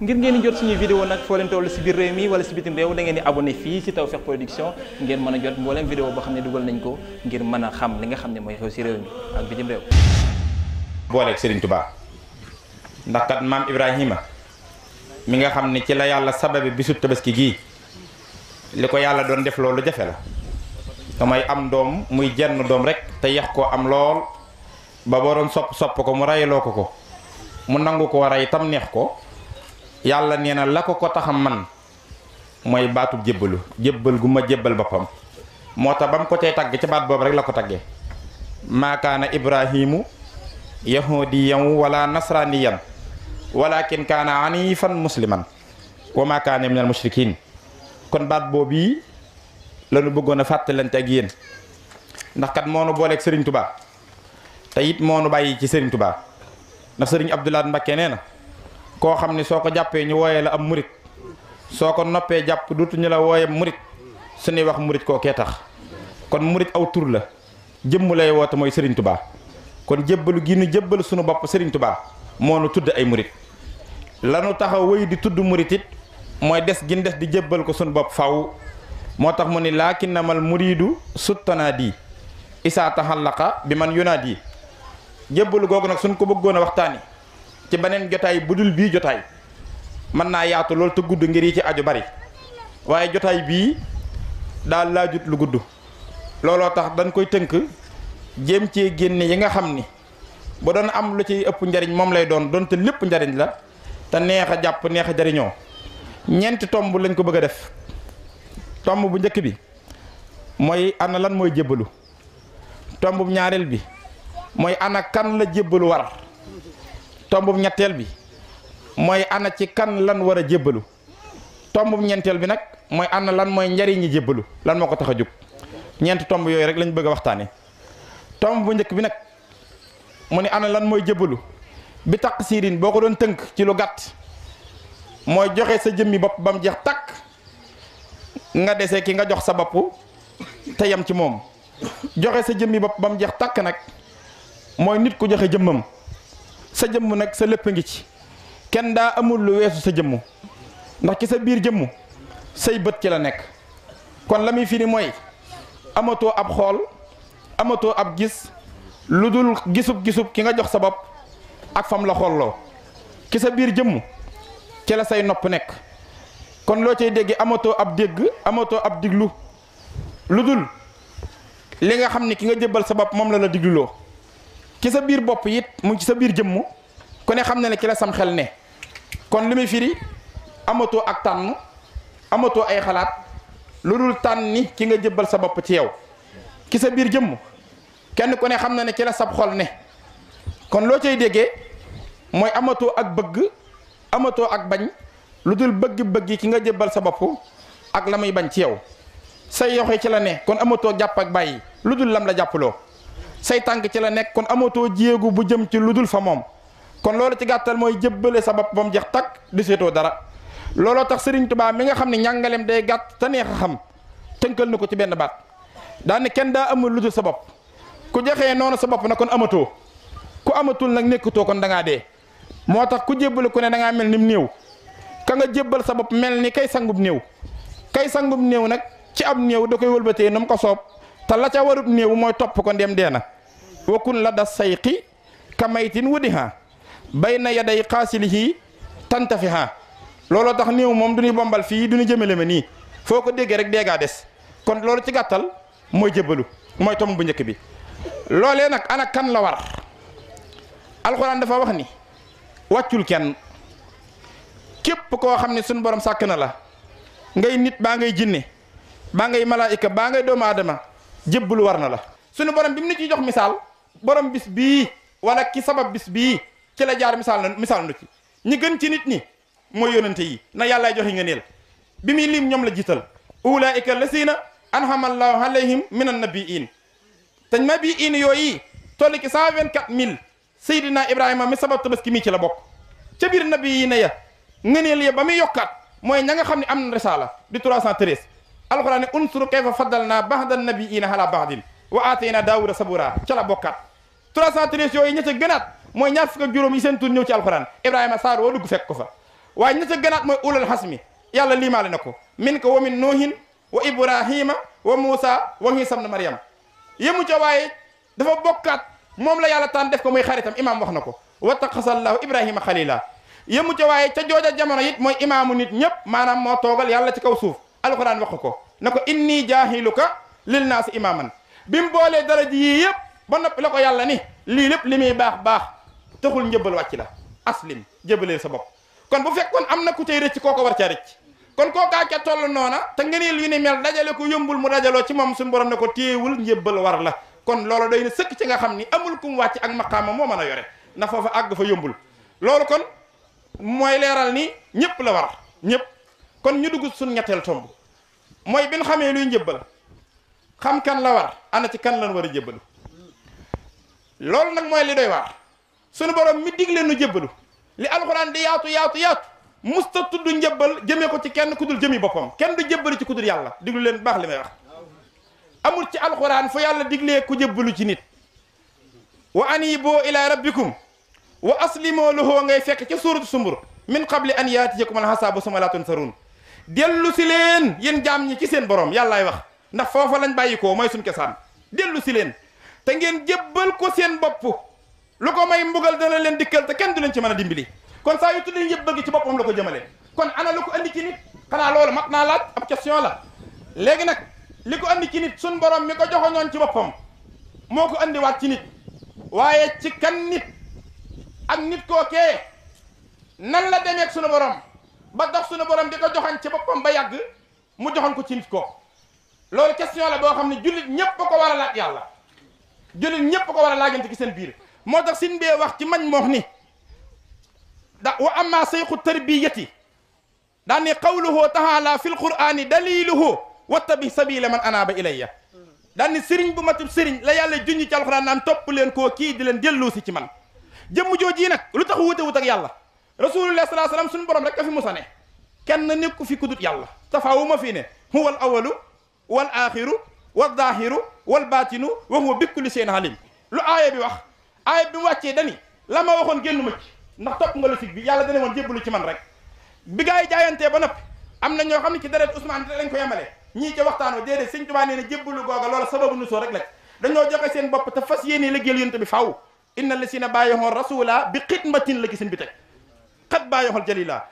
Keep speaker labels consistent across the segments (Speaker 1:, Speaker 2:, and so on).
Speaker 1: ngir ngeen di jot suñuy vidéo nag foo leen si biir réew mi wala si bitim réew da ngeen di abonné fii si Tawfekh ngeen mën a jot mbooleem vidéo boo xam ne dugal nañ ko ngir mën a xam li nga xam ne mooy xew si réew mi ak bitim réew booleeg Serigne Touba ndax kat maam Ibrahima mi nga xam ne ci la yàlla sababi bisub tabaski gii li ko yàlla doon def loolu jafe la damay am doom muy jenn doom rek te yax koo am lool ba boroom sopp sopp ko mu rayaloo ko ko mu nangu ko ray tam neex ko yàlla nee na la ko ko tax man mooy baatu jébbalu jébbal gu ma jébbal boppam moo tax ba mu ko cay tagg ca baat boobu rek la ko taggee maakaana ibrahimu yahudiyan wala nasraniyan walakin kaana anifan musliman wa maakaana minal mushrikin kon baat boobu yi la nu bëggoon a fàttalante ak yéen ndax kat moo nu booleeg Serigne Touba te it moo nu bàyyi ci Serigne Touba ndax Serigne Abdoulaye Mbacké nee na koo xam ni soo ko jàppee ñu wooyee la am murit soo ko noppee jàpp dutuñu la wooye murit suñuy wax murit koo kee tax kon murit aw tur la jëmm lay woote mooy Serigne Touba kon jébbalu gi nu jébbal suñu bopp Serigne Touba moo nu tudd ay murit lanu taxaw wéy di tudd murit mooy des gin des di jébbal ko suñu bopp faw moo tax mu ni laakinamal muriidu suttanaa di isaa taxallaqa bi man yunaadi jébbalu googu nag suñ ko bëggoon a waxtaani ci beneen jotaay bu dul bii jotaay mën naa yaatu loolu te gudd ngir yi ci aju bari waaye jotaay bii daal laajut lu gudd looloo tax dañ koy tënk jéem ci génne yi nga xam ni bu doon am lu ciy ëpp njariñ moom lay doon doonte lépp njariñ la te neex a jàpp neex a jariñoo ñeenti tomb lañ ko bëgg a def tomb bu njëkk bi mooy ana lan mooy jébbalu tomb bu ñaareel bi mooy ana kan la jébbalu war tombub ñetteel bi mooy ana ci kan lan war a jébbalu tombub ñeenteel bi nag mooy ana lan mooy njariñi jébbalu lan moo ko tax a jóg ñeent tomb yooyu rek lañu bëgg a waxtaane tomb bu njëkk bi nag mu ne ana lan mooy jébbalu bi taq siirin boo ko doon tënk ci lu gàtt mooy joxe sa jëmmi bopp ba mu jeex takk nga dese ki nga jox sa bopp te yem ci moom joxe sa jëmmi bopp ba mu jeex takk nag mooy nit ku joxe jëmmam sa jëmm nag sa lépp a ngi ci kenn daa amul lu weesu sa jëmm ndax ci sa biir jëmm say bët ci la nekk kon la muy firi mooy amatoo ab xool amatoo ab gis lu dul gisub gisub ki nga jox sa bopp ak fam la xolloo ki sa biir jëmm ci la say nopp nekk kon loo cay dégg amatoo ab dégg amatoo ab diglu lu dul li nga xam ni ki nga jëbbal sa bopp moom la la digluloo ci sa biir bopp yit mu ci sa biir jëmm ku ne xam na ne ci la sam xel ne kon li muy firi amatoo ak tànn amatoo ay xalaat lu dul tànn ni ki nga jëbbal sa bopp ci yow ki sa biir jëmm kenn ku ne xam na ne ci la sab xol ne kon loo cay déggee mooy amatoo ak bëgg amatoo ak bañ lu dul bëgg-bëgg ki nga jëbbal sa bopp ak la muy bañ ci yow say yoxe ci la ne kon amatoo jàpp ak bàyyi lu dul lam la jàppaloo say tànk ci la nekk kon amatoo jéegu bu jëm ci lu dul fa moom kon loolu ci gàttal mooy jébbale sa bopp ba mu jeex takk di seetoo dara looloo tax Serigne Touba mi nga xam ne njàngaleem day gàtt te neex a xam tënkal na ko ci benn baat daane kenn daa amul lu dul sa bopp ku joxee noonu sa bopp na kon amatoo ku amatul nag nekkatoo kon da ngaa dee moo tax ku jébbale ku ne da mel ni mu néew ka nga jébbal sa bopp mel ni kay sangub néew kay sangub néew nag ci ab néew da koy wëlbatee nu ko soob. te la ca warut néew mooy topp ko ndem dee na wakun la da sayqi ka maytin wudiha bay na yaday xaasilihi tantafiha looloo tax néew moom du ñu bombal fii du ñu jëmale ma nii foo ko déggee rek déegaa des kon loolu ci gàttal mooy jëbalu mooy tom bu njëkk bi loolee nag ana kan la war alxuraan dafa wax ni wàccul kenn képp koo xam ne suñu borom sàkk na la ngay nit baa ngay jinne baa ngay malaayika baa ngay doomu aadama jébbalu war na la suñu borom bi mu ni ci jox misaal borom bis bii wala ki sabab bis bii ci la jaar misaal na misaal na ci ñi gën ci nit ñi mooy yonente yi na yàllaay joxe nga bi muy liim ñoom la jiital ulaika lasina anhamallahu alayhim minan nabiin te nabiin yooyu toll ci cent vingt quatre mille Seydina Ibrahima mi sabab ki mi ci la bokk ca biir nabiina ya ngëneel ya ba muy yokkaat mooy ña nga xam ne am na risaala di trois cent treize alxuraan ne unsur kayfa faddalnaa ba'da nabiyyiina alaa ba'din wa aataynaa daawuuda sabuura ca la bokkaat 313 yooyu ña gënaat mooy ñaar fukk ak juróom yi seen tur ñëw ci alxuraan ibrahima saar woo fekk fa waaye ña gënaat mooy ulal xasmi yàlla liimaale na ko min ko wa min nuuhin wa ibrahima wa muusa wa Iisaa ibn Maryam yëmu ca waaye dafa bokkaat moom la yàlla taan def ko muy xaritam imaam wax na ko wattaxasallaahu ibrahima xalila yëmu ca waaye ca jooja jamono it mooy imaamu nit ñëpp maanaam moo toogal yàlla ci kaw suuf alxuraan wax ko na ko inni jaahiluka lil naasi imaaman bi mu boolee daraja yii yëpp ba noppi la ko yàlla ni lii lépp li muy baax baax taxul njëbbal wàcc la aslim jëbaleel sa bopp kon bu fekkoon am na ku tey rëcc ko war caa rëcc kon koo kookaa ca toll noona te ngëneel yu ni mel dajale ko yombul mu dajaloo ci moom suñu borom ne ko téewul njëbbal war la kon loolu doy na sëkk ci nga xam ni amul kum wàcc ak maqaama moo mën a yore na foofa àgg fa yombul loolu kon mooy ni ñëpp la war ñëpp kon ñu dugg suñ ñetteel tomb mooy bi ñu xamee luy njëbbal xam kan la war ana ci kan lan war a jëbbalu loolu nag mooy li doy waar suñu borom mi digle nu jëbbalu li alxuraan di yaatu yaatu yaatu musta du njëbbal jëmee ko ci kenn ku dul jëmi boppam kenn du jëbbalu ci ku dul yàlla diglu leen baax li may wax amul ci alxuraan fu yàlla diglee ku jëbbalu ci nit wa anibu ila rabbikum wa aslimoo lahu ngay fekk ca suuratu sumbur min qabli an yaatiyakum alxasaabu suma laa tunsaruun dellu si leen yéen jaam ñi ci seen borom yàllaay wax ndax foofa lañ bàyyi ko mooy suñ kesaan dellu si leen te ngeen jébbal ko seen bopp lu ko may mbugal dana leen dikkal te kenn du leen ci mën a dimbali kon saa yu tuddee yëpp bëgg ci boppam la ko jëmale kon ana lu ko andi ci nit xanaa loolu mat naa laaj ab question la léegi nag li ko andi ci nit suñ borom mi ko joxoñoon ci boppam moo ko andiwaat ci nit waaye ci kan nit ak nit kookee nan la demeek sunu borom ba dox suñu borom di ko joxoon ci boppam ba yàgg mu joxoon ko ci ko loolu question la boo xam ne jullit ñëpp ko war a laaj yàlla jullit ñëpp ko war a laajante ci seen biir moo tax sin bee wax ci mañ moox ni da wa amma sayxu tarbiyati daan ne qawluhu taala fi lqurani daliluhu wattabi sabila man anaaba ilayya daan ne sëriñ bu matub sëriñ la yàlla junj ci alxuraan naan topp leen koo kii di leen delluusi ci man jëmm jooji nag lu tax wuute wut ak yàlla rasulullah salaa salaam suñu borom rek a fi musa ne kenn nekku fi kudut yàlla tafaawu ma fii ne huwa al wa wal axiru wal daahiru wal baatinu wa huwa bi kulli shay'in alim lu aaya bi wax aaya bi mu wàccee dani la ma waxoon génn ma ci ndax topp nga logique bi yàlla dana woon jébbalu ci man rek bi gaa yi jaayantee ba noppi am na ñoo xam ne ci deret Ousmane lañ ko yemale ñii ca waxtaan wa déedéet sëñ Tuubaa nee na jébbalu googa loola sababu nu soo rek bopp te fas yéene liggéeyal yonent bi faaw inna la si na bàyyi hoon la gisin bi teg xat baa yoxal jalila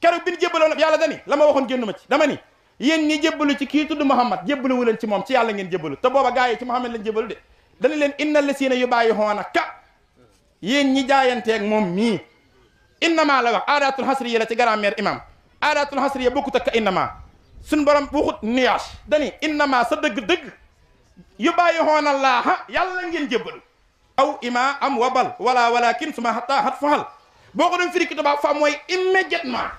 Speaker 1: keroog bi ñu jébbaloon yàlla dani la ma waxoon génn ma ci dama ni yéen ñi jébbalu ci kii tudd Muhammad jébbalu wu leen ci moom ci yàlla ngeen jébbalu te booba gars yi ci Muhammad lañ jébbalu de dana leen inna lasiina yu bàyyi xoona ka yéen ñi jaayanteeg moom mii innama la wax aadatul xasriya la ci grammaire imam aadatul xasriya bokkut ak innama suñ borom waxut nuage dani innama sa dëgg-dëgg yu bàyyi xoona laaha yàlla ngeen jébbalu aw ima am wa wala walakin suma boo ko dem firi ki tubaab fa mooy immédiatement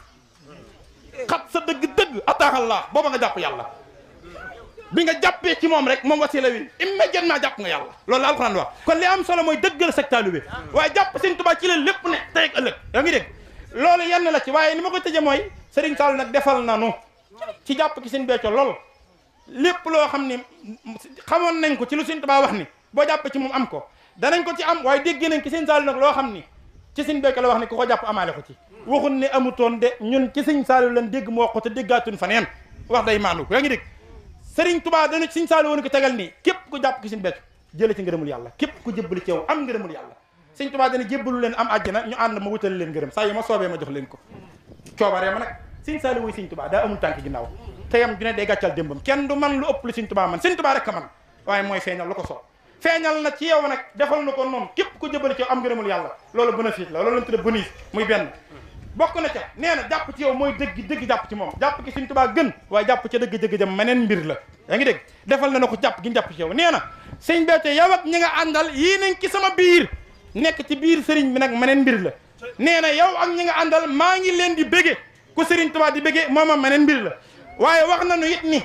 Speaker 1: xat sa dëgg-dëgg ataaxallaa booba nga jàpp yàlla bi nga jàppee ci moom rek moom wasila wi immédiatement jàpp nga yàlla loolu la alxuraan wax kon li am solo mooy dëggal sa taalibe waaye jàpp seen tubaab ci leen lépp ne tey ak ëllëg yaa ngi dégg loolu yenn la ci waaye ni ma ko tëjee mooy Serigne Sall nag defal na nu ci jàpp ki seen becco lool lépp loo xam ni xamoon nañ ko ci lu seen tubaab wax ni boo jàppee ci moom am ko danañ ko ci am waaye déggee nañ ki seen Sall nag loo xam ni ci sëñ Béthio la wax ne ku ko jàpp amaale ko ci waxun ne amutoon de ñun ci sëñ Saliou lan dégg mu wax ko te déggaatun fa neen wax day maandu yaa ngi dégg sëriñ Tuubaa dana sëñ Saliou woon ko tegal nii képp ku jàpp ki sëñ Béthio jële ci ngërëmul yàlla képp ku jébbali ci yow am ngërëmul yàlla sëñ Tuubaa dana jébbalu leen am àjjana ñu ànd ma wutal leen ngërëm saa ma soobee ma jox leen ko coobaree ma nag sëñ Saliou wuy sëñ Tuubaa daa amul tànk ginnaaw teyam kenn du man lu ëpp lu mooy feeñal feeñal na ci yow nag defal na ko noonu képp ku jëbale ci yow am ngërëmul yàlla loolu bénéfice la loolu lañ tudde bénéfice muy benn bokk na ca nee na jàpp ci yow mooy dëgg dëgg jàpp ci moom jàpp ki suñ tubaa gën waaye jàpp ca dëgg-dëgg jëm meneen mbir la yaa ngi defal na na ko jàpp gi jàpp ci yow nee na sëñ Béthio yow ak ñi nga àndal yii nañ ci sama biir nekk ci biir sëriñ bi nag meneen mbir la nee na yow ak ñi nga àndal maa ngi leen di bége ko sëriñ tubaa di bége mooma meneen mbir la waaye wax na it ni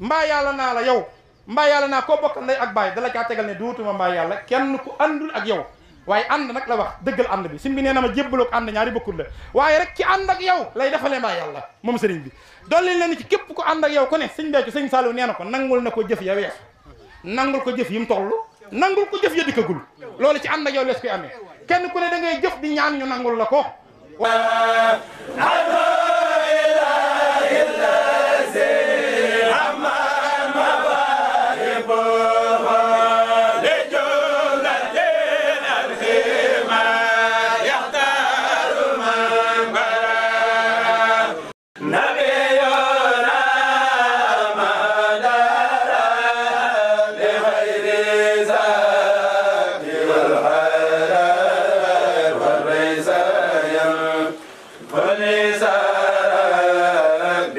Speaker 1: mbaa yàlla naa la yow mbaa yàlla naa koo bokk ndey ak baay dala caa tegal ne dootuma mbaa yàlla kenn ku àndul ak yow waaye ànd nag la wax dëggal ànd bi sim bi nee na ma jébbaloog ànd ñaari bokkul la waaye rek ci ànd ak yow lay defalee mbaa yàlla moom sëriñ bi dolli leen ci képp ku ànd ak yow ku ne sëñ beccu sëñ Saliou nee na ko nangul na ko jëf ya wees nangul ko jëf yi mu toll nangul ko jëf ya dikkagul loolu ci ànd ak yow lees koy amee kenn ku ne da ngay jëf di ñaan ñu nangul la ko